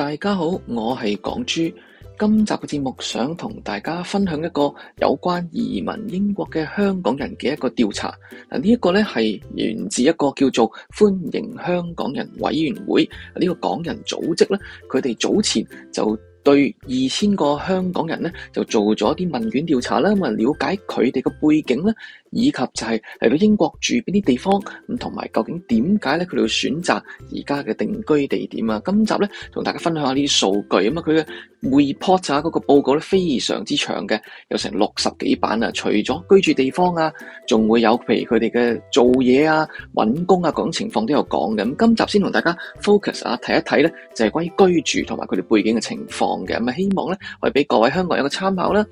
大家好，我係港豬。今集嘅節目想同大家分享一個有關移民英國嘅香港人嘅一個調查。嗱，呢一個咧，係源自一個叫做歡迎香港人委員會呢、呢個港人組織呢，佢哋早前就對二千個香港人呢就做咗啲問卷調查啦，咁啊了解佢哋嘅背景呢。以及就係嚟到英國住邊啲地方，咁同埋究竟點解咧佢哋會選擇而家嘅定居地點啊？今集咧同大家分享下呢啲數據，咁啊佢嘅 report 啊，嗰個報告咧非常之長嘅，有成六十幾版啊。除咗居住地方啊，仲會有譬如佢哋嘅做嘢啊、揾工啊嗰種情況都有講嘅。咁今集先同大家 focus 啊，睇一睇咧就係關於居住同埋佢哋背景嘅情況嘅，咁啊希望咧可以俾各位香港人一個參考啦。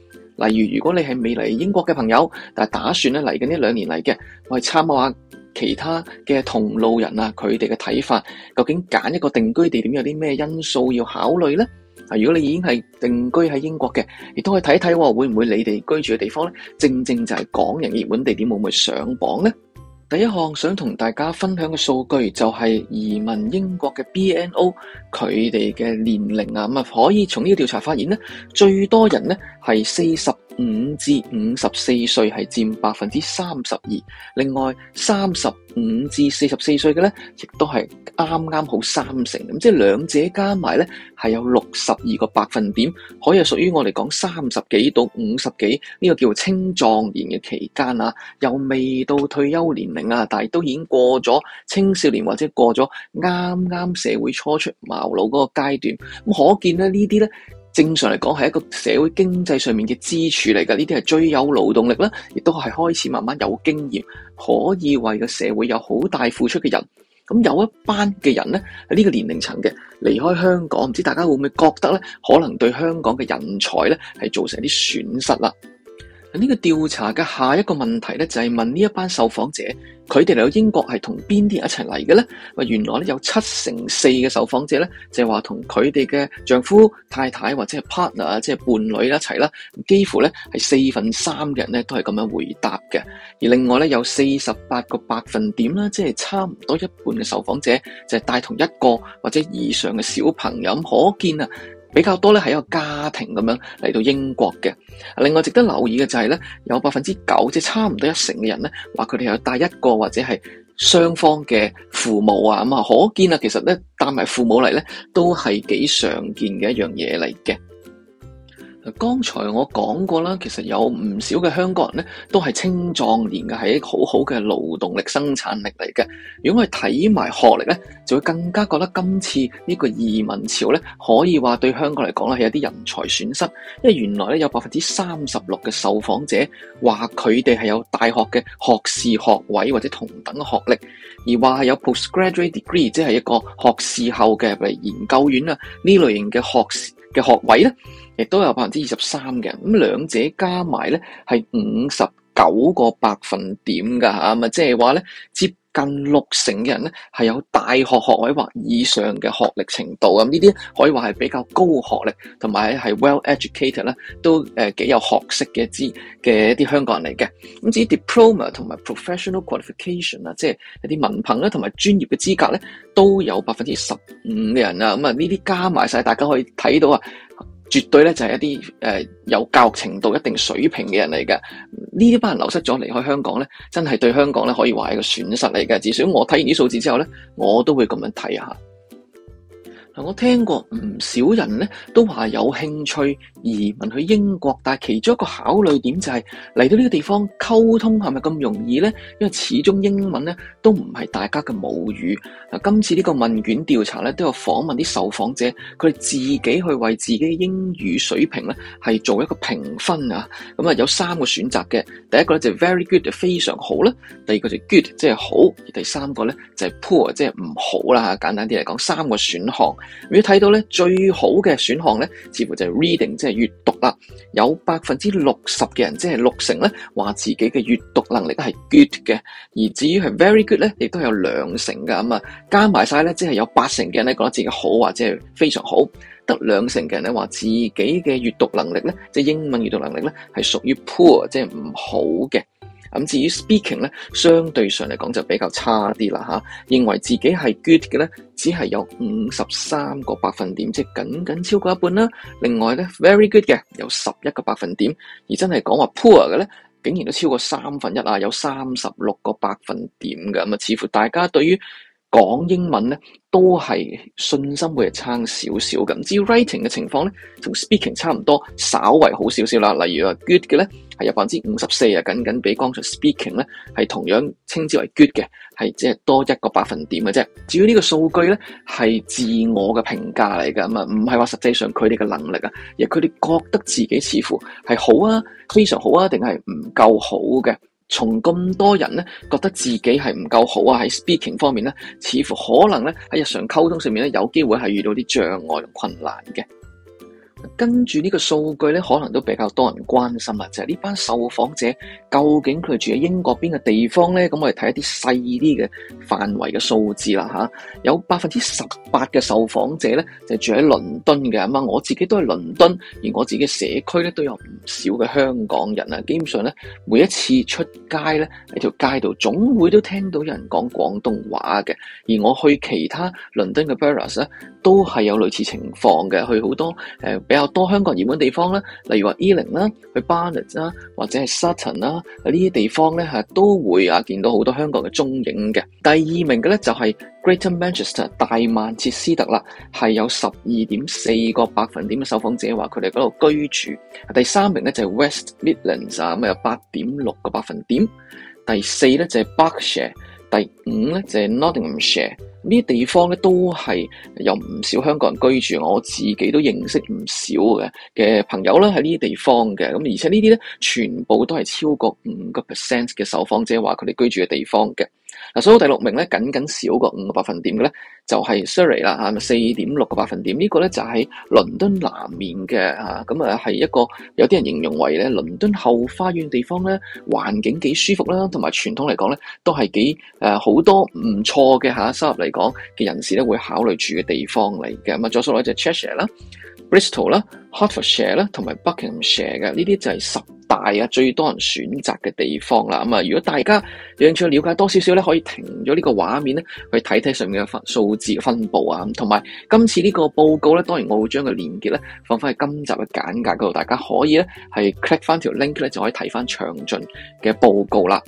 例如，如果你係未嚟英國嘅朋友，但，打算咧嚟緊呢兩年嚟嘅，我係參考下其他嘅同路人啊，佢哋嘅睇法，究竟揀一個定居地點有啲咩因素要考慮呢？啊，如果你已經係定居喺英國嘅，亦都可以睇睇，會唔會你哋居住嘅地方呢，正正就係港人熱門地點會唔會上榜呢？第一項想同大家分享嘅數據就係、是、移民英國嘅 BNO 佢哋嘅年齡啊，咁啊、嗯、可以從呢個調查發現咧，最多人咧係四十五至五十四歲係佔百分之三十二，另外三十五至四十四歲嘅呢亦都係啱啱好三成，咁即係兩者加埋呢，係有六十二個百分點，可以屬於我哋講三十幾到五十幾呢個叫青壯年嘅期間啊，又未到退休年齡啊，但係都已經過咗青少年或者過咗啱啱社會初出茅廬嗰個階段，咁可見呢啲呢。正常嚟講係一個社會經濟上面嘅支柱嚟㗎，呢啲係最有勞動力啦，亦都係開始慢慢有經驗，可以為個社會有好大付出嘅人。咁有一班嘅人呢，喺呢個年齡層嘅離開香港，唔知大家會唔會覺得呢？可能對香港嘅人才呢，係造成啲損失啦。呢個調查嘅下一個問題呢，就係問呢一班受訪者，佢哋嚟到英國係同邊啲人一齊嚟嘅呢？原來有七成四嘅受訪者呢，就係話同佢哋嘅丈夫、太太或者係 partner 即係伴侶一齊啦，幾乎呢係四分三嘅人呢都係咁樣回答嘅。而另外呢，有四十八個百分點啦，即係差唔多一半嘅受訪者就係帶同一個或者以上嘅小朋友，可見啊。比較多咧係一個家庭咁樣嚟到英國嘅。另外值得留意嘅就係咧，有百分之九即差唔多一成嘅人咧話佢哋有帶一個或者係雙方嘅父母啊咁啊，可見啊其實咧帶埋父母嚟咧都係幾常見嘅一樣嘢嚟嘅。剛才我講過啦，其實有唔少嘅香港人咧，都係青壯年嘅，係一好好嘅勞動力生產力嚟嘅。如果我哋睇埋學歷咧，就會更加覺得今次呢個移民潮咧，可以話對香港嚟講咧係有啲人才損失，因為原來咧有百分之三十六嘅受訪者話佢哋係有大學嘅學士學位或者同等學歷，而話有 postgraduate degree，即係一個學士後嘅嚟研究院啊呢類型嘅學士。嘅學位咧，亦都有百分之二十三嘅，咁兩者加埋咧係五十九個百分點㗎吓，啊即係話咧，接。近六成嘅人咧係有大學學位或以，以上嘅學歷程度啊，咁呢啲可以話係比較高學歷，同埋係 well educated 咧，都誒幾有學識嘅資嘅一啲香港人嚟嘅。咁至於 diploma 同埋 professional qualification 啊，即係一啲文憑咧，同埋專業嘅資格咧，都有百分之十五嘅人啊。咁啊，呢啲加埋晒，大家可以睇到啊。絕對呢，就係一啲誒有教育程度一定水平嘅人嚟㗎。呢一班人流失咗離開香港呢，真係對香港呢可以話係一個損失嚟㗎。至少我睇完啲數字之後呢，我都會噉樣睇下。我聽過唔少人咧都話有興趣移民去英國，但係其中一個考慮點就係、是、嚟到呢個地方溝通係咪咁容易呢？因為始終英文咧都唔係大家嘅母語。嗱，今次呢個問卷調查咧都有訪問啲受訪者，佢哋自己去為自己嘅英語水平咧係做一個評分啊。咁、嗯、啊有三個選擇嘅，第一個咧就 very good 非常好啦，第二個就 good 即係好，而第三個咧就係 poor 即係唔好啦。簡單啲嚟講，三個選項。果睇到咧，最好嘅選項咧，似乎就係 reading，即係閱讀啦。有百分之六十嘅人，即係六成咧，話自己嘅閱讀能力都係 good 嘅。而至於係 very good 咧，亦都有兩成噶咁啊。加埋晒咧，即係有八成嘅人咧，覺得自己好或者係非常好。得兩成嘅人咧，話自己嘅閱讀能力咧，即係英文閱讀能力咧，係屬於 poor，即係唔好嘅。咁至於 speaking 咧，相對上嚟講就比較差啲啦嚇。認為自己係 good 嘅咧，只係有五十三個百分點，即係僅僅超過一半啦。另外咧，very good 嘅有十一個百分點，而真係講話 poor 嘅咧，竟然都超過三分一啊，有三十六個百分點㗎咁啊，似乎大家對於講英文咧，都係信心會係差少少咁。至於 writing 嘅情況咧，同 speaking 差唔多，稍微好少少啦。例如話，good 嘅咧係有百分之五十四啊，僅僅比剛才 speaking 咧係同樣稱之為 good 嘅，係即係多一個百分點嘅啫。至於呢個數據咧，係自我嘅評價嚟噶嘛，唔係話實際上佢哋嘅能力啊，而係佢哋覺得自己似乎係好啊，非常好啊，定係唔夠好嘅。從咁多人咧覺得自己係唔夠好啊，喺 speaking 方面咧，似乎可能咧喺日常溝通上面咧有機會，係遇到啲障礙同困難嘅。跟住呢個數據咧，可能都比較多人關心啊！就係、是、呢班受訪者究竟佢住喺英國邊個地方咧？咁我哋睇一啲細啲嘅範圍嘅數字啦吓，有百分之十八嘅受訪者咧就住喺倫敦嘅，啊我自己都係倫敦，而我自己社區咧都有唔少嘅香港人啊！基本上咧每一次出街咧喺條街度，總會都聽到有人講廣東話嘅。而我去其他倫敦嘅 boroughs 咧。都係有類似情況嘅，去好多、呃、比較多香港熱門地方啦，例如話 Ealing 啦、去 Barnet 啦，或者係 Sutton 啦，呢啲地方咧都會啊見到好多香港嘅蹤影嘅。第二名嘅咧就係、是、Greater Manchester 大曼切斯特啦，係有十二點四個百分點嘅受訪者話佢哋嗰度居住。第三名咧就係、是、West Midlands 咁啊，有八點六個百分點。第四咧就係、是、Buckshire。第五呢，就係 Nottinghamshire 呢啲地方呢都係有唔少香港人居住，我自己都認識唔少嘅嘅朋友啦，喺呢啲地方嘅，咁而且呢啲咧全部都係超過五個 percent 嘅受訪者話佢哋居住嘅地方嘅。嗱，所以第六名咧，僅僅少過五個百分點嘅咧，就係 Surrey 啦嚇，四點六個百分點。呢個咧就喺倫敦南面嘅嚇，咁啊係一個有啲人形容為咧倫敦後花園地方咧，環境幾舒服啦，同埋傳統嚟講咧都係幾誒好多唔錯嘅嚇收入嚟講嘅人士咧會考慮住嘅地方嚟嘅。咁啊，再數落就 Cheshire 啦。Bristol 啦、Hertfordshire 啦、同埋 Buckinghamshire 嘅呢啲就係十大啊，最多人選擇嘅地方啦。咁啊，如果大家有興趣了解多少少咧，可以停咗呢個畫面咧，去睇睇上面嘅分數字嘅分布啊，同埋今次呢個報告咧，當然我會將個連結咧放翻喺今集嘅簡介嗰度，大家可以咧係 click 翻條 link 咧就可以睇翻詳盡嘅報告啦。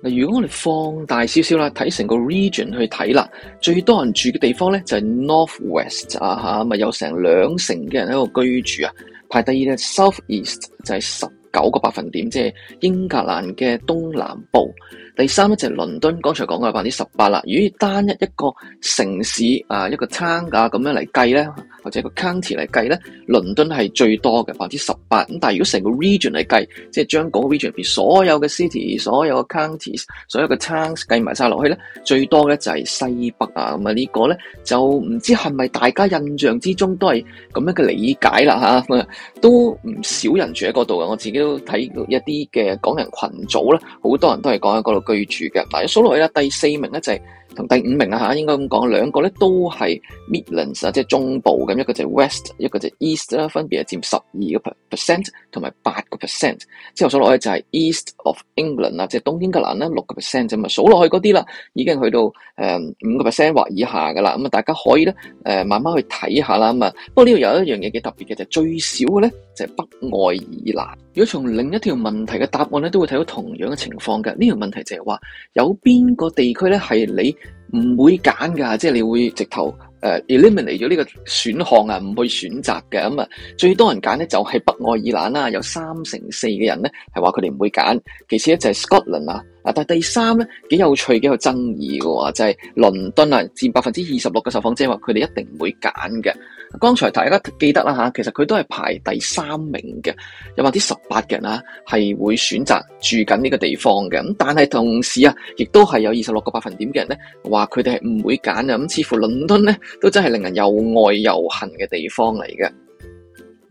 嗱，如果我哋放大少少啦，睇成個 region 去睇啦，最多人住嘅地方咧就係 North West 啊吓，咪有成兩成嘅人喺度居住啊，排第二呢 South East 就係十九個百分點，即係英格蘭嘅東南部。第三咧就係、是、倫敦，剛才講嘅百分之十八啦。如果單一一個城市啊，一個餐架咁樣嚟計咧，或者一個 county 嚟計咧，倫敦係最多嘅百分之十八。咁但係如果成個 region 嚟計，即係將嗰個 region 入邊所有嘅 city、所有嘅 counties、所有嘅 towns 計埋晒落去咧，最多咧就係西北啊。咁、這、啊、個、呢個咧就唔知係咪大家印象之中都係咁樣嘅理解啦嚇、啊，都唔少人住喺嗰度嘅。我自己都睇一啲嘅港人群組咧，好多人都係講喺嗰度，居住嘅，嗱，數落去啦，第四名咧就係、是。同第五名啊嚇，應該咁講，兩個咧都係 Midlands 啊，即係中部咁，一個就係 West，一個就係 East 啦，分別係佔十二個 percent 同埋八個 percent。之後數落去就係 East of England 啊，即係東英格蘭啦，六個 percent 啫嘛。數落去嗰啲啦，已經去到誒五個 percent 或以下噶啦。咁啊，大家可以咧誒慢慢去睇下啦。咁啊，不過呢度有一樣嘢幾特別嘅就係最少嘅咧就係北愛爾蘭。如果從另一條問題嘅答案咧，都會睇到同樣嘅情況嘅。呢條問題就係話有邊個地區咧係你？唔會揀噶，即係你會直頭誒、uh, eliminate 咗呢個選項啊，唔會選擇嘅。咁啊，最多人揀咧就係北愛爾蘭啦，有三成四嘅人咧係話佢哋唔會揀，其次咧就係 Scotland 啦，啊。但係第三咧，幾有趣，幾有爭議嘅就係倫敦啊，佔百分之二十六嘅受訪者話佢哋一定唔會揀嘅。剛才大家記得啦嚇，其實佢都係排第三名嘅，有埋啲十八嘅人啊，係會選擇住緊呢個地方嘅。咁但係同時啊，亦都係有二十六個百分點嘅人咧話佢哋係唔會揀嘅。咁似乎倫敦咧都真係令人又愛又恨嘅地方嚟嘅。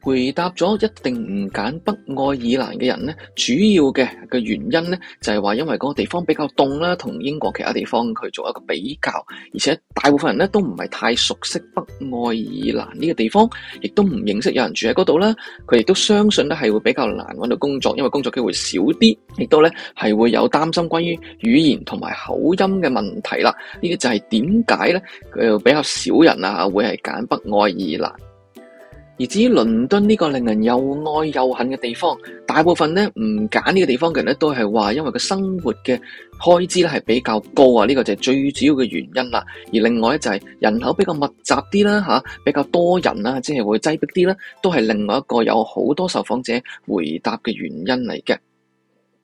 回答咗一定唔揀北愛爾蘭嘅人咧，主要嘅嘅原因咧，就係話因為嗰個地方比較凍啦，同英國其他地方去做一個比較，而且大部分人咧都唔係太熟悉北愛爾蘭呢個地方，亦都唔認識有人住喺嗰度啦，佢亦都相信咧係會比較難揾到工作，因為工作機會少啲，亦都咧係會有擔心關於語言同埋口音嘅問題啦。呢啲就係點解咧佢又比較少人啊會係揀北愛爾蘭。而至於倫敦呢個令人又愛又恨嘅地方，大部分呢唔揀呢個地方嘅人都係話，因為佢生活嘅開支咧係比較高啊，呢個就係最主要嘅原因啦。而另外呢，就係人口比較密集啲啦，啊，比較多人啦，即係會擠逼啲啦，都係另外一個有好多受訪者回答嘅原因嚟嘅。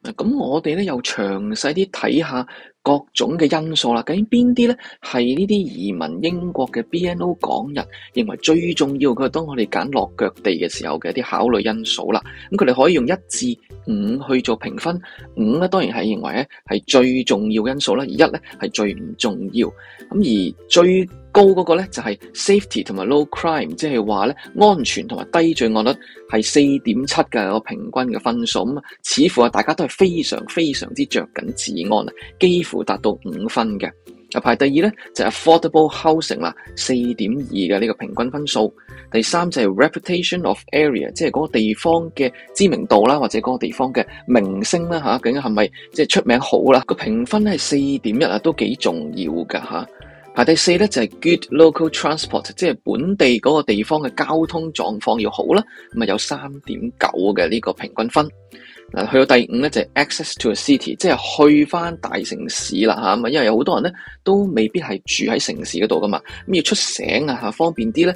咁我哋呢又詳細啲睇下。各種嘅因素啦，究竟邊啲咧係呢啲移民英國嘅 BNO 港人認為最重要嘅？當我哋揀落腳地嘅時候嘅一啲考慮因素啦，咁佢哋可以用一至五去做評分，五咧當然係認為咧係最重要嘅因素啦，而一咧係最唔重要，咁而最高嗰個咧就係 safety 同埋 low crime，即係話咧安全同埋低罪案率係四點七嘅個平均嘅分數，咁、嗯、啊似乎大家都係非常非常之着緊治安啊，幾乎達到五分嘅。啊，排第二咧就係 affordable housing 啦，四點二嘅呢個平均分數。第三就係 reputation of area，即係嗰個地方嘅知名度啦，或者嗰個地方嘅明星啦，吓究竟係咪即係出名好啦？個評分係四點一啊，都幾重要噶吓。第四咧就係 good local transport，即係本地嗰個地方嘅交通狀況要好啦，咁啊有三點九嘅呢個平均分。嗱，去到第五咧就係 access to a city，即係去返大城市啦嚇，因為有好多人咧都未必係住喺城市嗰度㗎嘛，咁要出城啊，方便啲咧。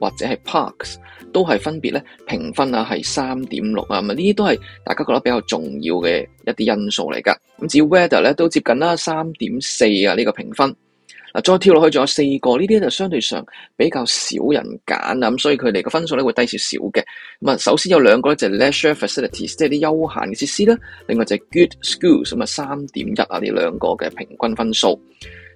或者係 parks 都係分別咧評分啊、嗯，係三點六啊，咁啊呢啲都係大家覺得比較重要嘅一啲因素嚟㗎。咁至於 weather 咧，都接近啦三點四啊呢個評分。嗱再跳落去，仲有四個，呢啲就相對上比較少人揀啊，咁所以佢哋嘅分數咧會低少少嘅。咁啊，首先有兩個咧就係 leisure facilities，即係啲休閒嘅設施啦。另外就係 good schools 咁、嗯、啊，三點一啊呢兩個嘅平均分數。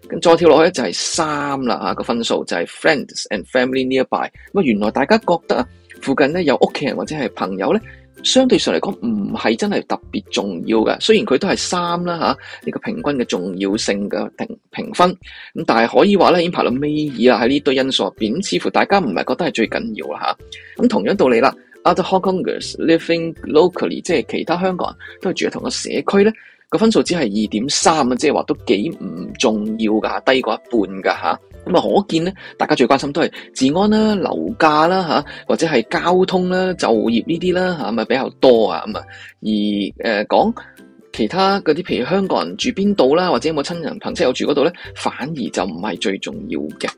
咁再跳落去咧就係三啦嚇個分數就係 friends and family nearby。咁啊原來大家覺得啊附近咧有屋企人或者係朋友咧，相對上嚟講唔係真係特別重要嘅。雖然佢都係三啦你呢個平均嘅重要性嘅平評分，咁但係可以話咧，已經排到尾二啦喺呢堆因素入邊，似乎大家唔係覺得係最緊要啦。咁同樣道理啦 Other Hong Kongers living locally 即係其他香港人都係住喺同一個社區咧。個分數只係二點三啊，即係話都幾唔重要噶，低過一半噶吓。咁啊，可見咧，大家最關心都係治安啦、樓價啦吓，或者係交通啦、就業呢啲啦吓，咪比較多啊咁啊。而誒講、呃、其他嗰啲，譬如香港人住邊度啦，或者有冇親人朋友住嗰度咧，反而就唔係最重要嘅。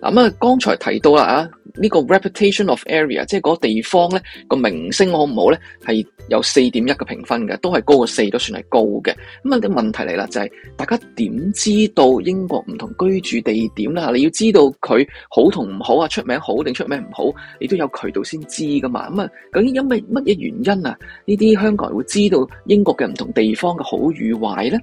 嗱，咁啊，剛才提到啦啊，呢個 reputation of area，即係嗰地方咧，個名聲好唔好咧，係有四點一嘅評分嘅，都係高過四，都算係高嘅。咁啊，啲問題嚟啦，就係大家點知道英國唔同居住地點啦？你要知道佢好同唔好啊，出名好定出名唔好，你都有渠道先知噶嘛。咁啊，究竟因為乜嘢原因啊？呢啲香港人會知道英國嘅唔同地方嘅好與壞咧？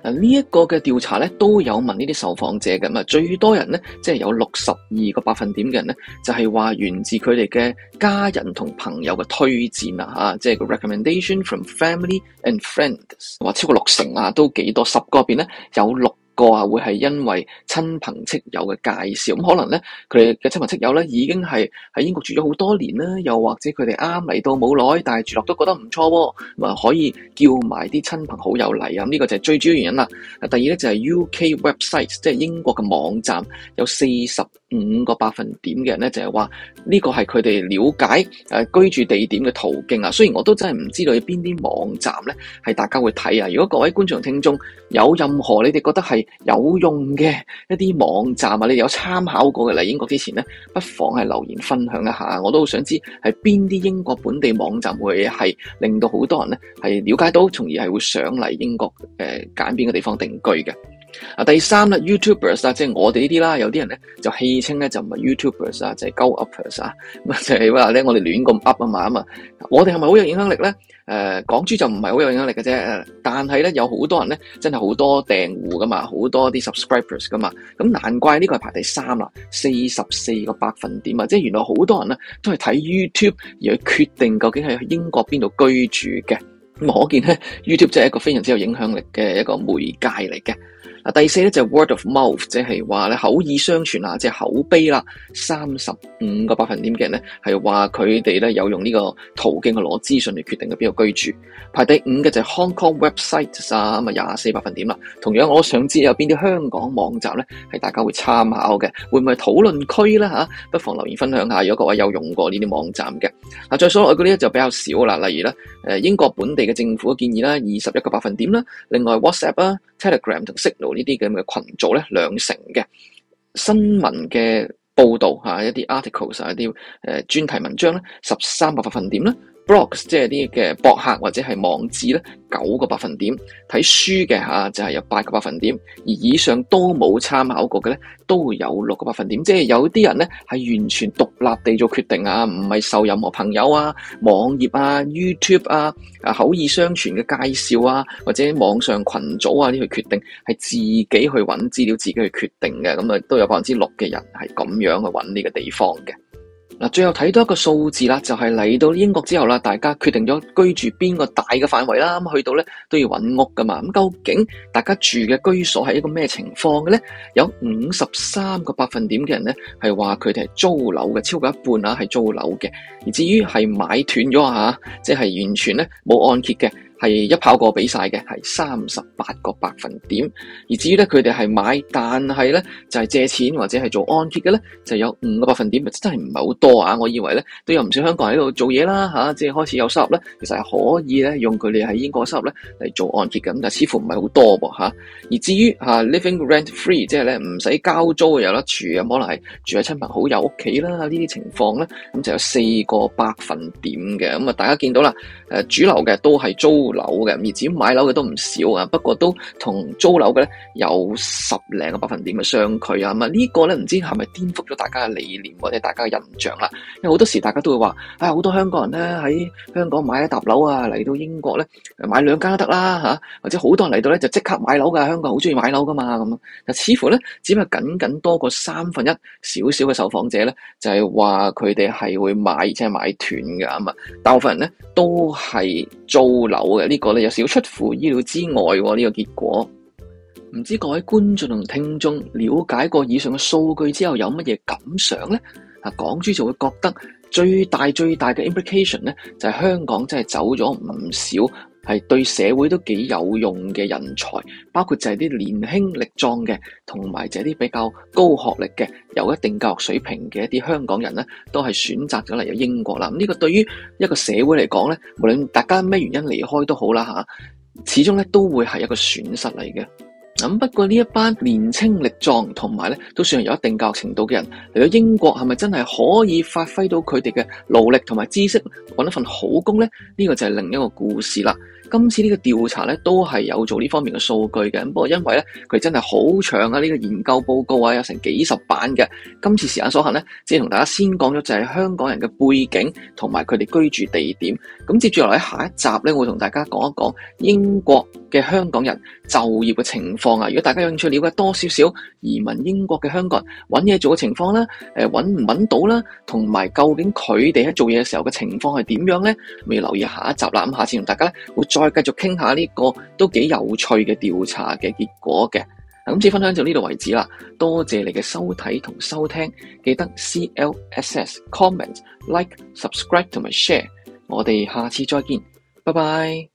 這個調查呢，一個嘅調查咧，都有問呢啲受訪者嘅嘛，最多人咧，即係有六十二個百分點嘅人咧，就係、是、話源自佢哋嘅家人同朋友嘅推薦啊嚇，即係個 recommendation from family and friends，話超過六成啊，都幾多，十個入邊咧有六。個啊會係因為親朋戚友嘅介紹，咁，可能咧佢哋嘅親朋戚友咧已經係喺英國住咗好多年啦，又或者佢哋啱嚟到冇耐，但係住落都覺得唔錯喎，啊可以叫埋啲親朋好友嚟啊，呢個就係最主要原因啦。第二咧就係 UK website，即係英國嘅網站，有四十五個百分點嘅人咧就係話呢個係佢哋了解誒居住地點嘅途徑啊。雖然我都真係唔知道有邊啲網站咧係大家會睇啊。如果各位觀眾聽眾有任何你哋覺得係，有用嘅一啲網站啊，你有參考過嘅嚟英國之前咧，不妨係留言分享一下，我都好想知係邊啲英國本地網站會係令到好多人咧係了解到，從而係會想嚟英國誒揀邊個地方定居嘅。啊，第三咧，YouTubers 啊，即係我哋呢啲啦，有啲人咧就戲稱咧就唔係 YouTubers 啊，ers，就係 Go Upers 啊，咁就係話咧我哋亂咁 up 啊嘛，咁啊，我哋係咪好有影響力咧？誒、呃、港豬就唔係好有影響力嘅啫，但係咧有好多人咧真係好多訂戶噶嘛，好多啲 subscribers 噶嘛，咁難怪呢個係排第三啦，四十四個百分點啊，即係原來好多人咧都係睇 YouTube 而去決定究竟係去英國邊度居住嘅。咁可見咧 YouTube 真係一個非常之有影響力嘅一個媒介嚟嘅。嗱第四咧就 word of mouth，即係話咧口耳相傳啊，即係口碑啦。三十五個百分點嘅人咧係話佢哋咧有用呢個途徑去攞資訊嚟決定去邊度居住。排第五嘅就 Hong Kong website 咁啊廿四百分點啦。同樣，我想知有邊啲香港網站咧係大家會參考嘅，會唔會討論區咧吓，不妨留言分享一下，如果各位有用過呢啲網站嘅。再在所外嗰啲咧就比較少啦，例如咧，英國本地嘅政府建議啦，二十一個百分點啦，另外 WhatsApp Telegram 同 Signal 呢啲咁嘅群組咧，兩成嘅新聞嘅報道吓，一啲 articles 啊，一啲誒專題文章咧，十三個百分點咧。blogs 即係啲嘅博客或者係網誌，咧，九個百分點；睇書嘅嚇就係、是、有八個百分點，而以上都冇參考過嘅咧，都會有六個百分點。即係有啲人咧係完全獨立地做決定啊，唔係受任何朋友啊、網頁啊、YouTube 啊、啊口耳相傳嘅介紹啊，或者網上群組啊呢，去決定係自己去揾資料，自己去決定嘅。咁啊，都有百分之六嘅人係咁樣去揾呢個地方嘅。嗱，最後睇到一個數字啦，就係嚟到英國之後啦，大家決定咗居住邊個大嘅範圍啦。咁去到咧都要揾屋噶嘛。咁究竟大家住嘅居所係一個咩情況嘅咧？有五十三個百分點嘅人咧係話佢哋係租樓嘅，超過一半啊係租樓嘅。而至於係買斷咗啊，即係完全咧冇按揭嘅。係一跑過畀晒嘅，係三十八個百分點。而至於咧，佢哋係買，但係咧就係、是、借錢或者係做按揭嘅咧，就有五個百分點，真係唔係好多啊！我以為咧都有唔少香港人喺度做嘢啦，啊、即係開始有收入咧，其實係可以咧用佢哋喺英國收入咧嚟做按揭嘅，咁但似乎唔係好多噃、啊、而至於、啊、living rent free，即係咧唔使交租嘅有得住咁，可能係住喺親朋好友屋企啦，呢啲情況咧，咁就有四個百分點嘅。咁、嗯、啊，大家見到啦，呃、主流嘅都係租樓嘅，而至於買樓嘅都唔少啊，不過都同租樓嘅咧有十零個百分點嘅相距啊，咁啊呢個咧唔知係咪顛覆咗大家嘅理念或者大家嘅印象啦？因為好多時大家都會話，啊、哎、好多香港人咧喺香港買一沓樓啊，嚟到英國咧買兩間都得啦嚇，或者好多人嚟到咧就即刻買樓㗎，香港好中意買樓㗎嘛咁啊，樣似乎咧只係僅僅多過三分一少少嘅受訪者咧，就係話佢哋係會買而且、即係、買斷㗎啊嘛，大部分人咧都係租樓嘅。呢個咧有少少出乎意料之外喎，呢個結果，唔知各位觀眾同聽眾了解過以上嘅數據之後有乜嘢感想咧？啊，港豬就會覺得最大最大嘅 implication 咧就係香港真係走咗唔少。係對社會都幾有用嘅人才，包括就係啲年輕力壯嘅，同埋就係啲比較高學歷嘅，有一定教育水平嘅一啲香港人咧，都係選擇咗嚟咗英國啦。呢、呢個對於一個社會嚟講咧，無論大家咩原因離開都好啦吓，始終咧都會係一個損失嚟嘅。咁不過呢一班年青力壯，同埋咧都算係有一定教育程度嘅人嚟到英國，係咪真係可以發揮到佢哋嘅勞力同埋知識，揾一份好工咧？呢個就係另一個故事啦。今次呢個調查咧，都係有做呢方面嘅數據嘅。不過因為咧，佢真係好長啊，呢個研究報告啊，有成幾十版嘅。今次時間所限咧，只係同大家先講咗就係香港人嘅背景同埋佢哋居住地點。咁、嗯、接住落嚟下一集咧，我同大家講一講英國嘅香港人就業嘅情況啊。如果大家有興趣了解多少少移民英國嘅香港人揾嘢做嘅情況啦，誒揾唔揾到啦，同埋究竟佢哋喺做嘢嘅時候嘅情況係點樣咧？要留意下一集啦。咁下次同大家呢會再。再繼續傾下呢個都幾有趣嘅調查嘅結果嘅，今次分享就呢度為止啦。多謝你嘅收睇同收聽，記得 CLSS comment like subscribe 同埋 share。我哋下次再見，拜拜。